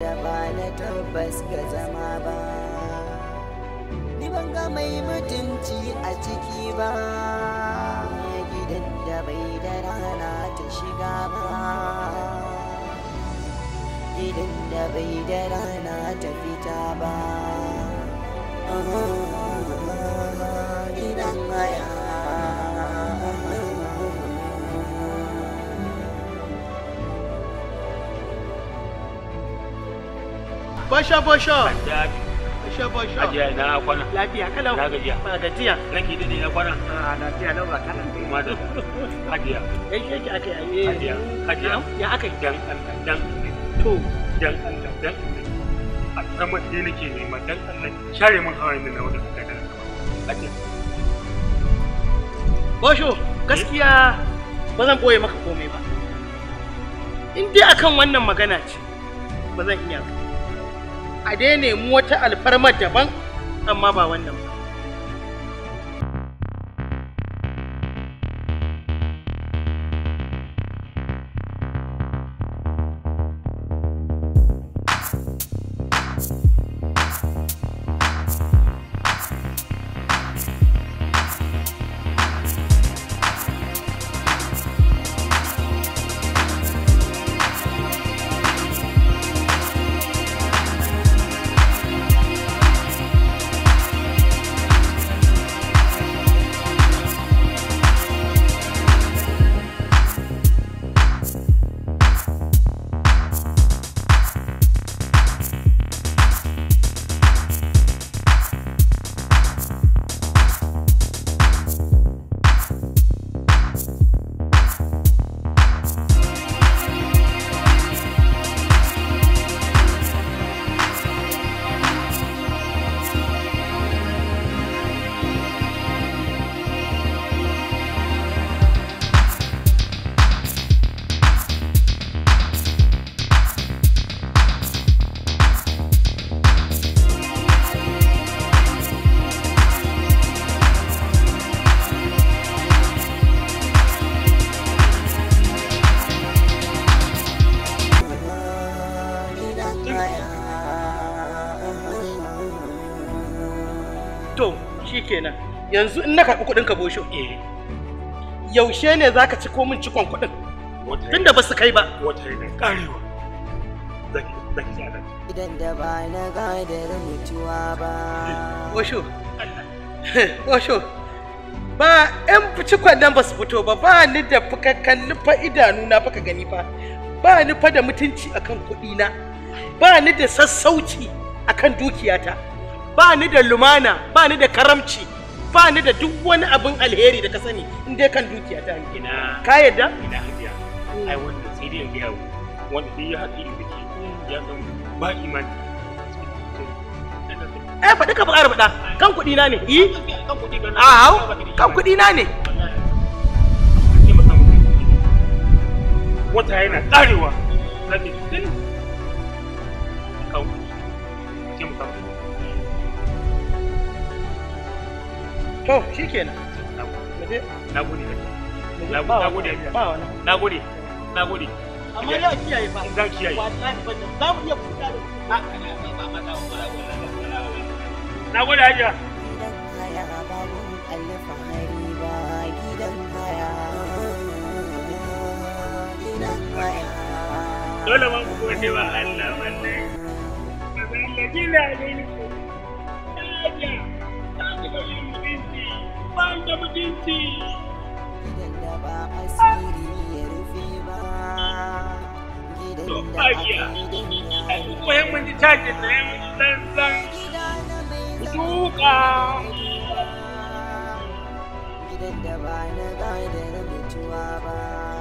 da ba na tabbas ga zama ba ni ban ga mai mutunci a ciki ba gidan da bai da rana ta shiga ba gidan da bai da rana ta fita ba Basha basha. Basha basha. Ajiya na kwana. Lafiya kalau. Na gajiya. Ba gajiya. Ranki dade na kwana. Ah lafiya lau ba kanan kai. Mata. Ajiya. Kai shi ake akai ajiya. Ajiya. Ya akai dan dan. To dan dan. dan A sama sai nake nema dan Allah share mun hawayen da na wanda suka da. Ajiya. Basho gaskiya ba zan boye maka komai ba. In dai akan wannan magana ce ba zan iya ba. a dai nemi wata alfarmar daban amma ba wannan ba to shikenan yanzu in na karɓi kuɗin ka bosho eh yaushe ne zaka ci ko min cikon kuɗin tunda ba su kai ba wata ne karewa zaki zaki zaki idan da ba na gadar mutuwa ba bosho bosho ba yan cikon nan ba su fito ba ba ni da fukakan nufa idanu na baka gani fa ba ni fa da mutunci akan kuɗi na ba ni da sassauci akan dukiyata ba ni da lumana ba ni da karamci ba ni da duk wani abin alheri da ka sani in dai kan dukiya ta ina ka yadda ina hadiya ai wannan sai dai ga yawo wanda dai ya haƙi da ke ya san ba imani eh faɗi ka buƙar faɗa kan kuɗi na ne yi kan kuɗi na ne kan kuɗi na ne wata yana ƙarewa kan kuɗi to shikenan na gode na gode na gode amma yau kiyaye ba zan kiyaye za mu iya fita da ah. na gode hajiya dole ma ku gode wa Allah wannan Allah gina ne Allah ya ta ga mutunci ba da mutunci. Gidan da ba asiri ya rufe ba. Gidan da ba Ko yan mun Duka. Gidan da ba na mutuwa ba.